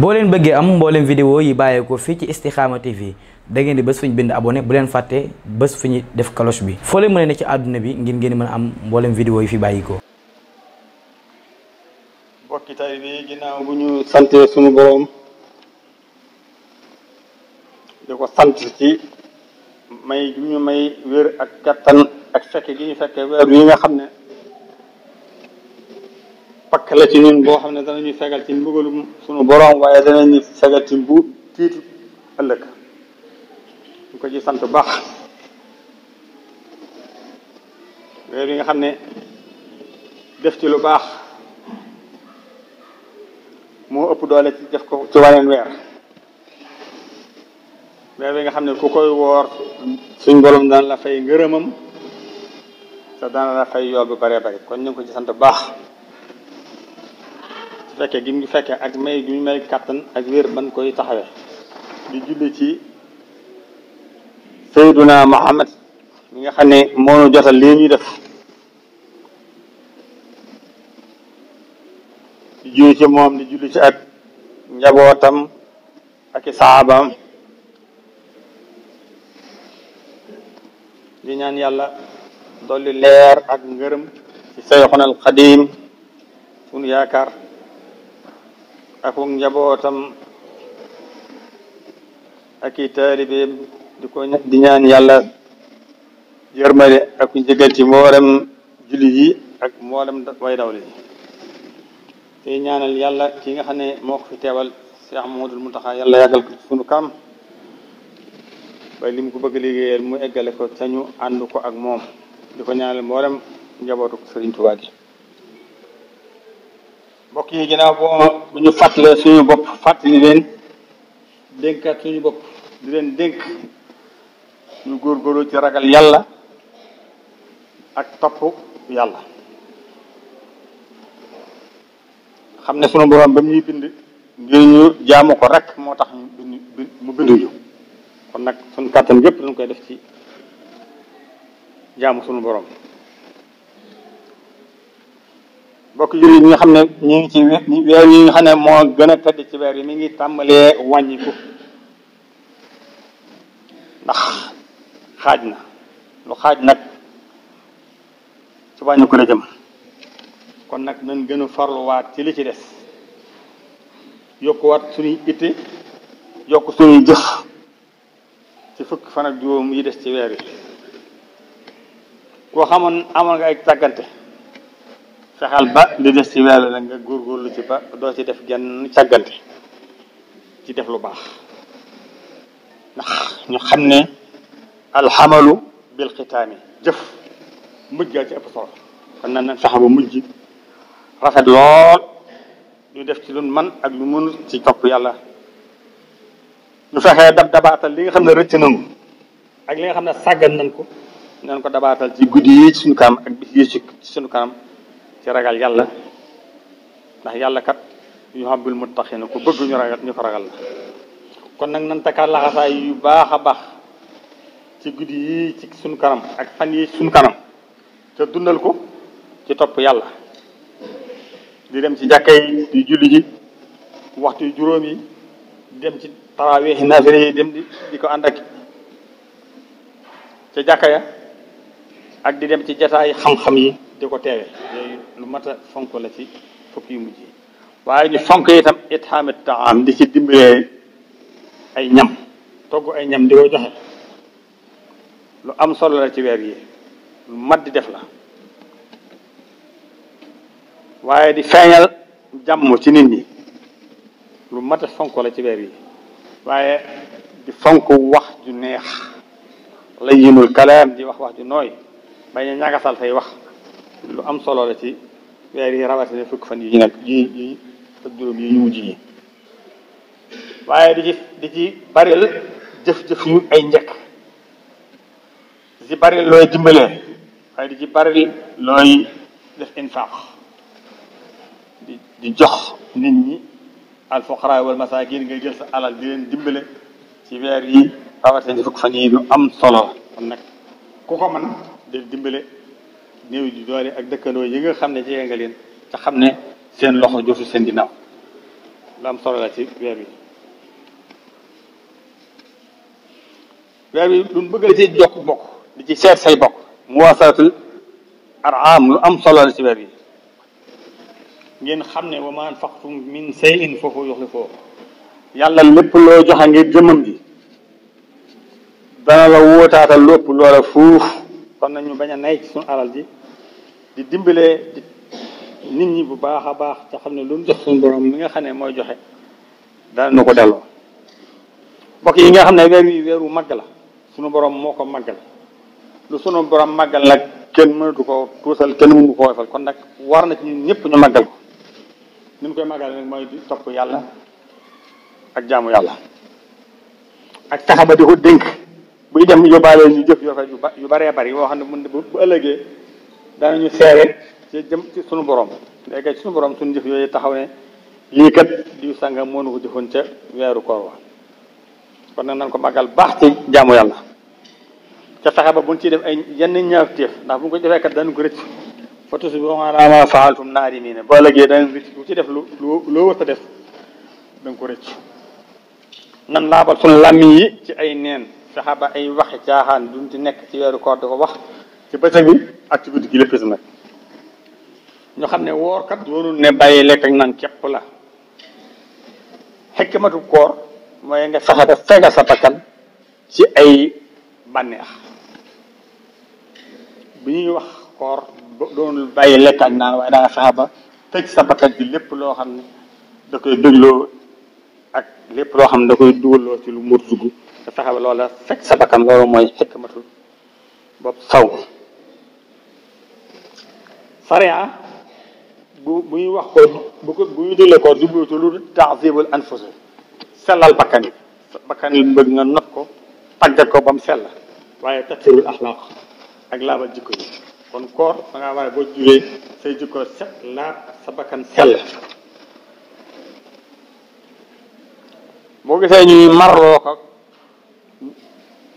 boo leen bëggee am mbooleem vidéo yi bàyyeekoo fii ci Istikhama TV da ngeen di bés fu ñu bind abonné bu leen fàtte bés fu ñu def cloche bi foo leen mën a ne ci àdduna bi ngir ngeen mën am mboolem vidéo yi fi bàyyikoo mbokki tay bi ginnaaw bu ñu sante suñu boroom di ko sant ci may gi ñu may wér ak kattan ak fekk gi ñu fekke weer wi nga xam ne pakk la ci ñun boo xam ne ñuy fegal ci mbugalum suñu boroom waaye danañu fegal ci mbu tiitu ëllëg ñu ko ci sant baax weer yi nga xam ne def ci lu baax moo ëpp doole ci def ko ci waneen weer weer bi nga xam ne ku koy woor suñ borom daan la fay ngërëmam te daan la fay yool bu bare bare kon ñu ngi ko ci sant baax fekke gi mu fekke ak may gi may kàttan ak wér ban koy taxawe di julli ci Seyduna Muhammad mi nga xam ne moo ñu jotal lii ñuy def di julli moom di julli ci ak njabootam ak i saabaam di ñaan yàlla dolli leer ak ngërëm ci Seyxunal Xadiim sunu yaakaar akuk njabootam ak i taalibeem di ko di ñaan yàlla yërmale ak njëgal ci mboolem jullit yi ak mboolem way dawle yi tey ñaanal yàlla ki nga xam ne moo fi teewal Cheikh mu Mountakha yàlla yàggal ko sunu kam waaye li mu ko bëgg liggéeyal mu eggale ko sañu ànd ko ak moom di ko ñaanal mboolem njabootu Sëriñ Tuubaa mbokk yi ginnaaw boo bu ñu fàttalee suñu bopp fàttali leen dénkaat suñu bopp di leen dénk ñu góorgóorlu ci ragal yàlla ak topp yàlla xam ne sunu borom ba ñuy bind ngir ñu jaamu ko rek moo tax mu bind kon nag suñu kàttan yëpp dañ koy def ci jaamu suñu boroom bokk jullit ñi nga xam ne ñu ngi ci weer yi nga xam ne moo gën a tedd ci weer yi mu ngi tàmbalee wàññiku ndax xaaj na lu xaaj nag ci wàññiku la jëm kon nag nañ gën a farluwaat ci li ci des yokkuwaat suñuy itte yokk suñuy jëf ci fukk fan ak juróom yi des ci weer yi koo xamoon amoon nga ay tàggante fexeel ba li des ci weer la nga góorgóorlu ci ba doo ci def genn càggante ci def lu baax ndax ñu xam ne alxamalu bil xitaami jëf mujj gaa ci ëpp solo na nan nan fexe ba mujj rafet lool ñu def ci lun man ak lu mun ci topp yàlla ñu fexee dab dabaatal li nga xam ne rëcc nañu ak li nga xam ne sàggan nañ ko nan ko dabaatal ci guddi yi ci suñu kanam ak bis yi ci suñu kanam ci ragal yàlla ndax yàlla kat yuhibbul muttaqina ku bëgg ñu ragal ñu ko ragal la kon nag nan takkaat laxasaay yu baax a baax ci guddi yi ci suñu kanam ak fan yi suñu kanam te dundal ko ci topp yàlla di dem ci jàkka yi di julli ji waxtu yu juróom yi dem ci taraweexi naafile yi dem di di ko ànd ak ca jàkka ya ak di dem ci jataay xam-xam yi di ko teewe lu mat a fonk la ci fukk yu mujj yi waaye ñu fonk itam itxaami taam di ci dimbalee ay ñam togg ay ñam di ko joxe lu am solo la ci weer yi lu mat di def la waaye di feeñal jàmm ci nit ñi lu mat a fonk la ci weer yi waaye di fonk wax ju neex la yinul kalaam di wax wax ju nooy bañ a ñagasal say wax lu am solo la ci weer yi rawatine fukk fan yi ñu nag yi ak juróom yi ñu mujj yi waaye di ci di ci baril jëf-jëf yu ay njëkk di ci baril looy dimbale waaye di ci baril looy def infaq di jox nit ñi al fuqara wal masakin ngay jël sa alal di leen dimbale ci weer yi rawatina fukk fan yi lu am solo kon ku ko mën di dimbale néew di doole ak dëkkandoo yi nga xam ne jege nga leen te xam ne seen loxo jotul seen ginnaaw lu am solo la ci weer wi weer bëgg ci jokk bokk di ci seet say bokk mu waasaratul araam lu am solo la ci ngeen xam ne wa ma anfaqtum min shay'in foofu yuxlifuhu yàlla lépp loo joxe ngir jëmmam ji dana la wóotaatal lépp loola fuuf kon nañu bañ a nay ci suñu alal ji di dimbalee nit ñi bu baax a baax te xam ne lu mu jox suñu borom mi nga xam ne mooy joxe daal na ko delloo mbokk yi nga xam ne weer wi weeru màgg la suñu borom moo ko màggal lu sunu borom màggal nag kenn mënatu ko tuusal kenn mënu ko woyfal kon nag war na ci ñun ñëpp ñu màggal ko ni mu koy màggal nag mooy di topp yàlla ak jaamu yàlla ak taxaba di ko dénk buy dem yóbbaale ñu jëf yoo yu baree bari yoo xam ne mun bu ëllëgee daanañu seere ci jëm ci sunu boroom léegi ci sunu borom sunu jëf yooyu taxaw ne lii kat diw sàngam moo nu ko jëfoon ca weeru koor wa kon nag nan ko màggal baax ci jaamu yàlla ca fexe ba buñ ciy def ay yenn ñaawteef ndax bu ñu ko defee kat dañu ko rëcc fa tusbihu alaa maa fa'altum naadimiin boo lëgee dañu rëcc bu ci def lu loo wërta def da nga ko rëcc nan laabal sunu làmmiñ yi ci ay neen fexe ba ay waxi caaxaan duñ ci nekk ci weeru koor di wax ci bëccëg bi ak ci guddi gi lépp nag ñu xam ne woorkat doonul ne bàyyi lekk ak naan képp la xekkmatu koor mooy nga fexe ba fegal sa bakkan ci ay bànneex bi ñuy wax koor doonul bàyyi lekk waaye daa nga fexe sa bakkan ci lépp loo xam ne da koy dégloo ak lépp loo xam ne da koy dugaloo ci lu mur dugg nga fexe loola fekk sa bakkan loolu mooy xekkmatu bopp saw sariya bu bu ñuy wax ko bu ko bu ñu dële ko jublu ci lu taasibul anfus sellal bakkan yi bakkan yi bëgg nga not ko tàggat ko ba mu sell waaye taksirul axlaaq ak laabal jikko yi kon koor da ngaa waaye boo juree say jikko set laab sa bakkan sell boo gisee ñuy marloo ko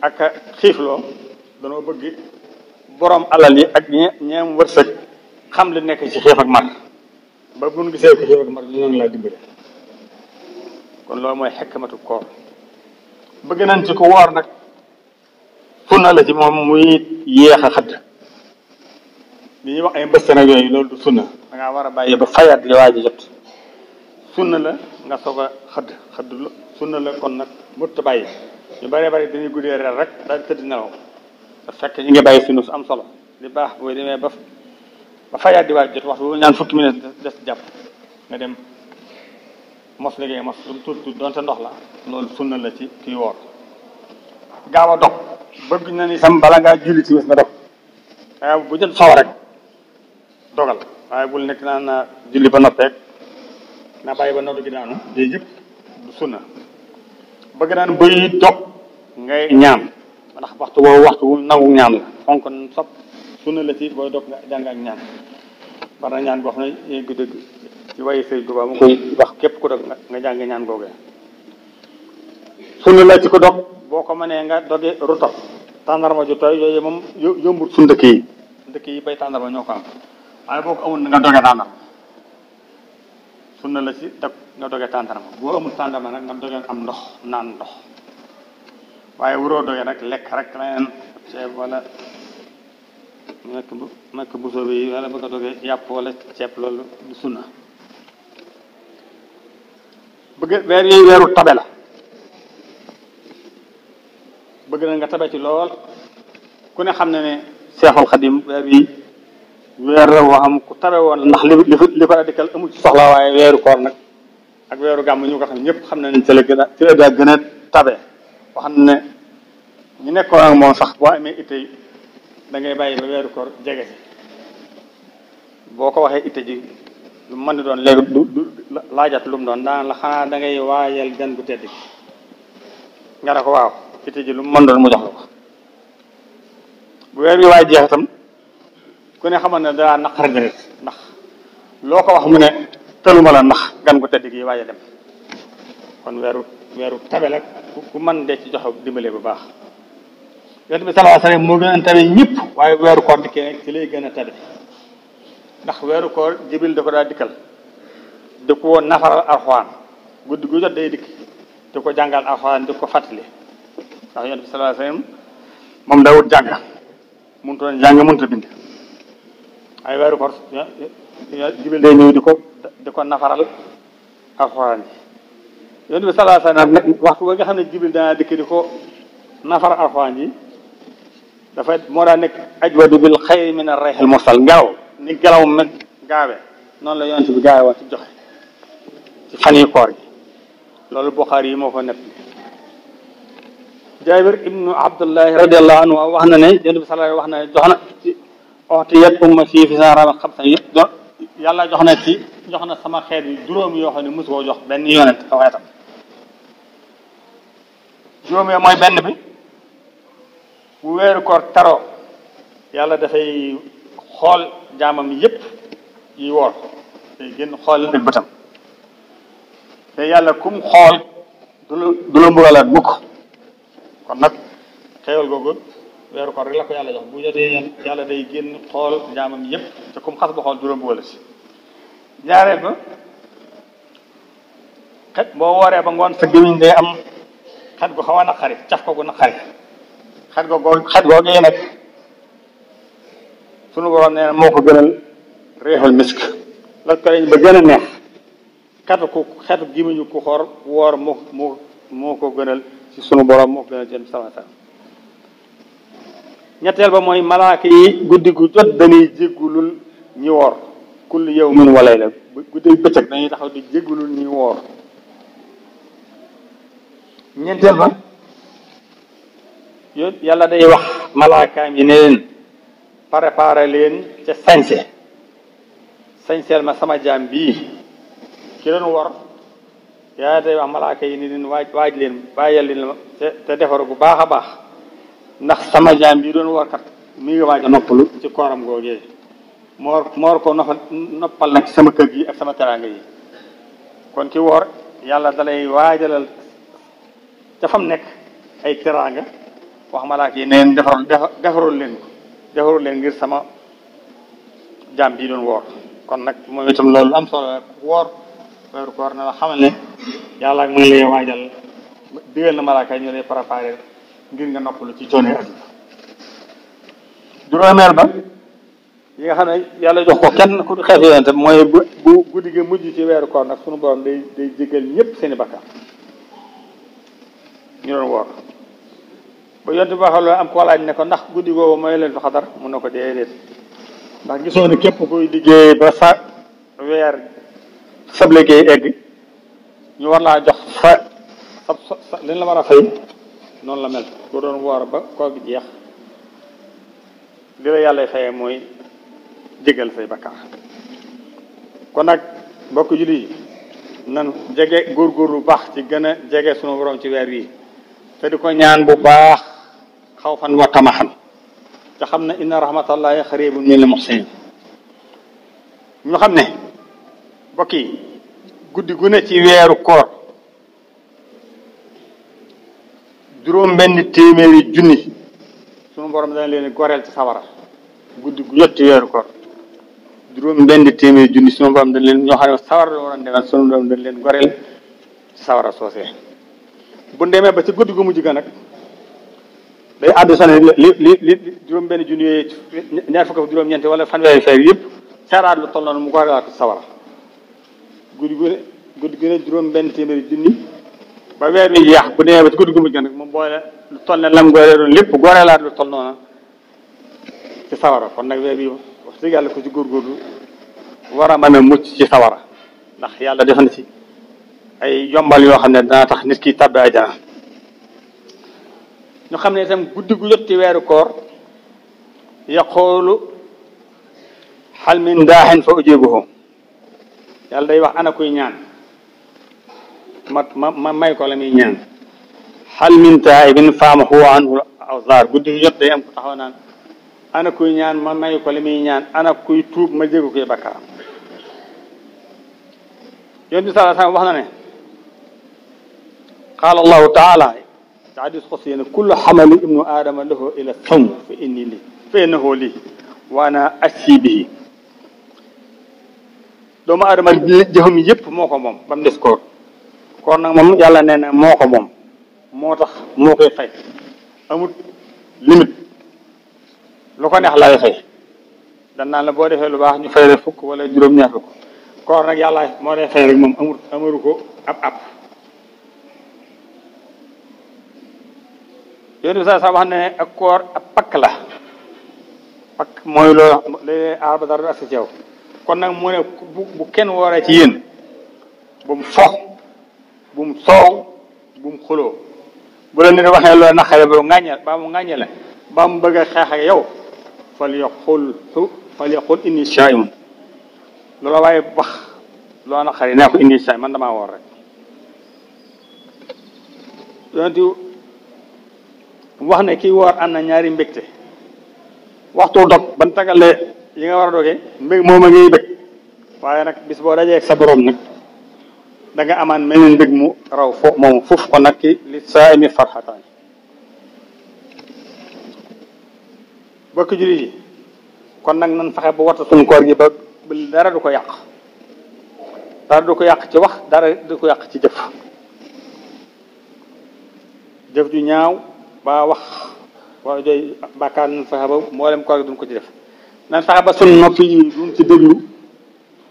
ak xiifloo danoo bëgg borom alal yi ak ñe ñeem wërsëg xam li nekk ci xiif ak mar ba bu ñu gisee ko xiif mar ñu noonu laa dimbale kon loolu mooy xekkamatu koor bëgg nañ ci ko woor nag fun na la ci moom muy yéex a xadd li ñuy wax ay mbëste nag yooyu loolu du sunna da ngaa war a bàyyi ba fayaat li waaj a jot sunna la nga soog a xëdd xëdd la sunna la kon nag mut bàyyi ñu bëree bëri dañuy guddee reer rek daal tëdd nelaw te fekk ñu ngi bàyyi sunna su am solo li baax mooy demee ba ba fajaat di waaj jot waxtu boobu ñaan fukki minute des jàpp nga dem mos liggéey mos lu mu doonte ndox la loolu sunna la ci kii woor gaaw a dog bëgg na ni sam bala ngaa julli ci bis nga dog waaye bu jot soow rek dogal waaye bul nekk naan na julli ba noppeek na bàyyi ba noddu gi daanu yooyu yëpp sunna bëgg naan bëy dog ngay ñaan ndax waxtu woowu waxtu wu nangu la fonk sopp sunna la ci booy dog nga jàng ak ñaan war na ñaan boo xam ne képp ku dog nga jàng ñaan googee sunna la ci ko dog boo ko mënee nga doge rutab tàndarma ju tooy yooyu moom yombut suñ yi dëkk yi bay tàndarma ñoo ko am waaye boo sunna la si dag nga doge tàndarma boo amul tàndarma nag nga doge am ndox naan ndox waaye wuroo doge nag lekk rek leneen nakk bu nakk bu soobee yi wala bëgg a doge yàpp wala ceeb loolu du sunna bëgg weer yooyu weeru tabe la bëgg na nga tabe ci lool ku ne xam ne ne seexul xadim weer yi weer la woo xam ku tabe woon ndax li li li ko dikkal amul ci soxla waaye weeru koor nag ak weeru gàmm ñu ko xam ñëpp xam ne ne ci la gën a ci la daa gën a tabe wax ne ñu nekkoon ak moom sax boo amee itte dangay bàyyi ba weeru koor jege boo ko waxee itte ji lu mën doon léegi laajat lum doon daan la xanaa da ngay waayal gan bu tedd gi nga ne ko waaw itte ji lu mu mën doon mu jox la ko bu weer bi waay jeex ku ne xamal ne danaa naqar rek ndax loo ko wax mu ne tëluma la ndax gan bu tedd gi waaj dem kon weeru weeru tabel ak ku mën de ci joxe dimbale bu baax yonent bi sallallahu alayhi wasallam moo gën a tabe ñëpp waaye weeru koor dikkee nag ci lay gën a tabe ndax weeru koor jibril da ko daa ko nafaral alxuraan ko jàngal alxuraan di ko fàttali ndax yonent bi sallallahu alayhi wasallam jàng mënut a jàng mënut a bind ay nga xam ne jibril danaa dikk di ko nafar alxuraan ji dafa moo daa nekk ajwadu bil xayri min ar-rayhil mursal ngelaw ni ngelaw mag gaawe noonu la yonent bi gaawe woon ci joxe ci fan yi koor gi loolu yi moo ko nekk Jaabir ibnu Abdullahi radiallahu anhu wax na ne yonent bi sallallahu wax na ne jox na ci u'tiyat ummatii fi sanaram xamsan yëpp do yàlla jox na ci jox na sama xeet yi juróom yoo xam ne mosu jox benn yonent aw xeetam bu weeru koor taroo yàlla dafay xool jaamam yépp yi woor day génn xool ak bëtam te yàlla kum xool du la du la mbugalaat mukk kon nag xéewal googu weeru koor rek la yàlla jox bu jotee yan yàlla day génn xool jaamam yépp te kum xas ba xool du la mbugala si ñaareel ba xet boo wooree ba ngoon sa gémmiñ day am xet bu xaw a naqari caf ko gu naqari xat googu xat googu yi nag sunu borom nee na moo ko gënal réexul misk la ko ba gën a neex xetu ku xetu gimiñu ku xor woor moo moo moo ko gënal ci sunu borom moo ko gënal jëm sama sam ñetteel ba mooy malaaka yi guddi gu jot dañuy jéggulul ñi woor kull yow min walay la guddi bëccëg dañuy taxaw di jéggulul ñi woor ñeenteel ba yoon yàlla day wax malaakaam yi ne leen préparé leen ca sañse sañseel ma sama jaam bii ki doon wor yaa day wax malaaka yi ne leen waaj waaj leen bàyyal leen te te defaru bu baax a baax ndax sama jaam bii doon warkat mi ngi waaj a noppalu ci kooram googee moor moor ko noppal nag sama kër gi ak sama teraanga yi kon ki woor yàlla dalay waajalal ca nekk ay teraanga wax malaak yi neen defaroon defarul leen ko defarul leen ngir sama jaam bii doon woor kon nag moom itam loolu am solo woor weeru koor na la xamal ne yàlla ak mu lay waajal digal na malaaka yi ñu lay préparé ngir nga noppalu ci coono adduna juróomeel ba yi nga xam ne yàlla jox ko kenn ku xeex yonent mooy bu bu guddi gi mujj ci weeru koor nag sunu borom day day jégal ñëpp seen i ñu doon woor ba yonte ba xaloo am ko laaj ne ko ndax guddi googu mooy leen fi xadar mun na ko déedéet ndax gisoo ne képp kuy liggéey ba sa weer sab liggéey egg ñu war laa jox sa sab sa liñ la war a fay noonu la mel ku doon woor ba ko koog jeex li la yàlla fayee mooy jégal fay bakka kon nag mbokk julli yi nan jege góorgóor bu baax ci gën a jege sunu borom ci weer wi te di ko ñaan bu baax xaw fan wa xam te xam ne inna rahmatallahi xaribun minal muxsinin ñu xam ne mbokk yi guddi gu ne ci weeru koor juróom benn téeméeri junni sunu borom dana leen goreel ci sawara guddi gu jot ci weeru koor juróom benn téeméeri junni sunu borom dana leen ñoo xam ne sawara la waroon demee sunu borom dana leen goreel ci sawara soose bu demee ba ci guddi gu mujj ga nag day addisane li li li juróom benn junni yooyu ñaar fukk ak juróom-ñeent wala fanweeri feer yëpp saraat lu toll noonu mu ko gu ne guddi gu ne juróom lu toll ne lam gooree doon lépp gooreelaat lu toll noonu ci sawara kon nag weer bi wax dëgg yàlla ko ci góorgóorlu war a mën a mucc ci sawara ndax yàlla defana ci ay yombal yoo xam ne dana tax nit ki tàbbi ajana ñu xam ne itam guddi gu jot ci weeru koor yaqoolu xal min daaxin fa ujibuhu yàlla day wax ana kuy ñaan ma ma ma may ko la muy ñaan xal min taibin faamahu anhu awzaar guddi gu jot day am ku taxaw naan ana kuy ñaan ma may ko la muy ñaan ana kuy tuub ma jégu koy bakkaaram yonent bi sallallahu alayhi wa sallam wax na ne qaala allahu taala te hadis xossi ne kullu xamali ibnu aadama lahu ila sawm fa inni li fa innahu li waana ajsi bihi doomu aadama jëfam yëpp moo ko moom ba mu des koor koor nag moom yàlla nee na moo ko moom moo tax moo koy fay amut limite lu ko neex lay fay dan la boo defee lu baax ñu fay fukk wala juróom-ñaar fukk koor nag yàlla moo lay fay rek moom amut amaru ko ab ab yéen bi saa saa wax ne ak koor ak pakk la pakk mooy loo lay aar ba dara kon nag mu ne bu kenn wooree ci yéen bu mu fo bu mu soow bu mu xuloo bu la nit waxee loolu naqare ba mu ŋàññe ba mu ŋàññe la ba mu bëgg xeex yow fal yaqul hu fal yaqul inni shaa'imun loola waaye wax loo naqare nee ko inni shaa'im man damaa woor rek wax ne kii woor am na ñaari mbégte waxtu dog ban tagalee yi nga war a dogee mbég moom a ngiy bég waaye nag bis boo dajee ak sa borom nag danga amaan mel ni mbég mu raw fo moom foofu ko nag ki li saa imi farxataan bokki jullit yi kon nag nan fexe bu wattu suñ koor gi ba dara du ko yàq dara du ko yàq ci wax dara du ko yàq ci jëf jëf ju ñaaw ba wax wax jooy bàkkaar nun fexe ba mboolem koor duñ ko ci def nan fexe ba sun noppi yi duñ ci déglu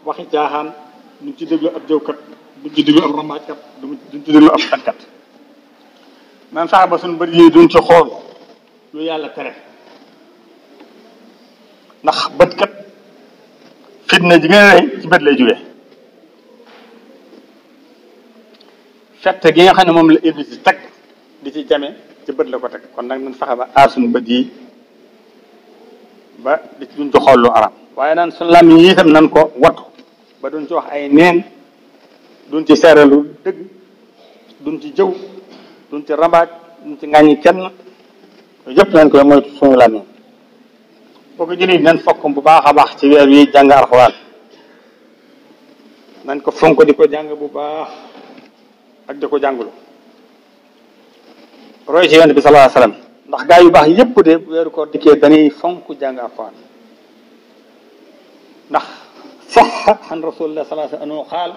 waxi jaaxaan duñ ci déglu ab jëwkat duñ ci déglu ab rambaajkat duñ ci déglu ab xatkat ba sun bëri ci xool lu yàlla tere ndax bët kat fitna ji gën a ci bët lay jógee fett gi nga xam ne moom la iblis di teg di ci jame ci bët la ko teg kon nag ñun fexe ba aar suñu bët yi ba di ci duñ ci waaye naan suñu lam yi itam nan ko wattu ba du ci wax ay neen duñ ci seere lu dëgg duñ ci jëw duñ ci rambaaj duñ ci ŋàññi kenn yëpp nañ ko moytu suñu lam yi boo ko fokk bu baax a baax ci weer wi jàng alxuraan nañ ko fonk di ko jàng bu baax ak di ko jàngulu roy ci yonent bi sallallahu alayhi wasallam ndax gaa yu baax yépp de weeru koor dikkee dañuy fonk jàng alquran ndax saxa an rasulillah sallallahu alayhi qaal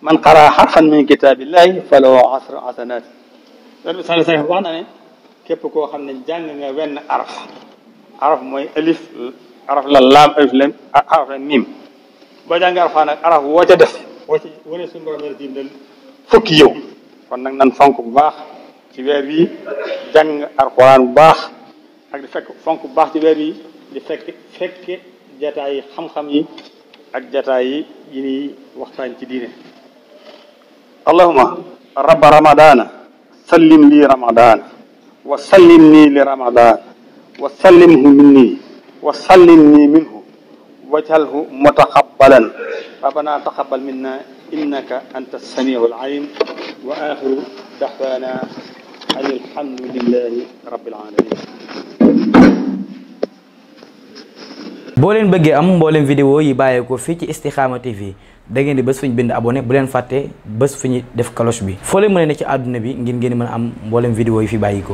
man qaraa harfan min kitaabillahi falahu asru hasanat yonent bi wax na ne képp koo xam ne jàng nga wenn araf araf mooy alif araf la laam alif la araf la miim nag araf woo ca def woo ci wane yow kon nan fonk bu baax ci weer wi jàng alxuraan bu baax ak di fekk fonk bu baax ci weer wi di fekk fekke jataay yi xam-xam yi ak jataay yi yi ñuy waxtaan ci diine allahuma rabba ramadana sallim lii ramadana wa sallim nii li ramadana wa sallimhu minni wa sallim nii minhu waj'alhu mutaqabbalan rabbana taqabbal minna innaka anta samiul alim wa axiru da'wana an alhamdulilahi rabbil alamin boo leen bëggee am mbooleem vidéo yi bàyyeekoo fii ci Istikhama TV da ngeen di bés fu ñu bind abonné bu leen fàtte bés fu ñu def cloche bi foo leen mën ne ci àdduna bi ngir ngeen mën a am mbooleem vidéo yi fi bàyyikoo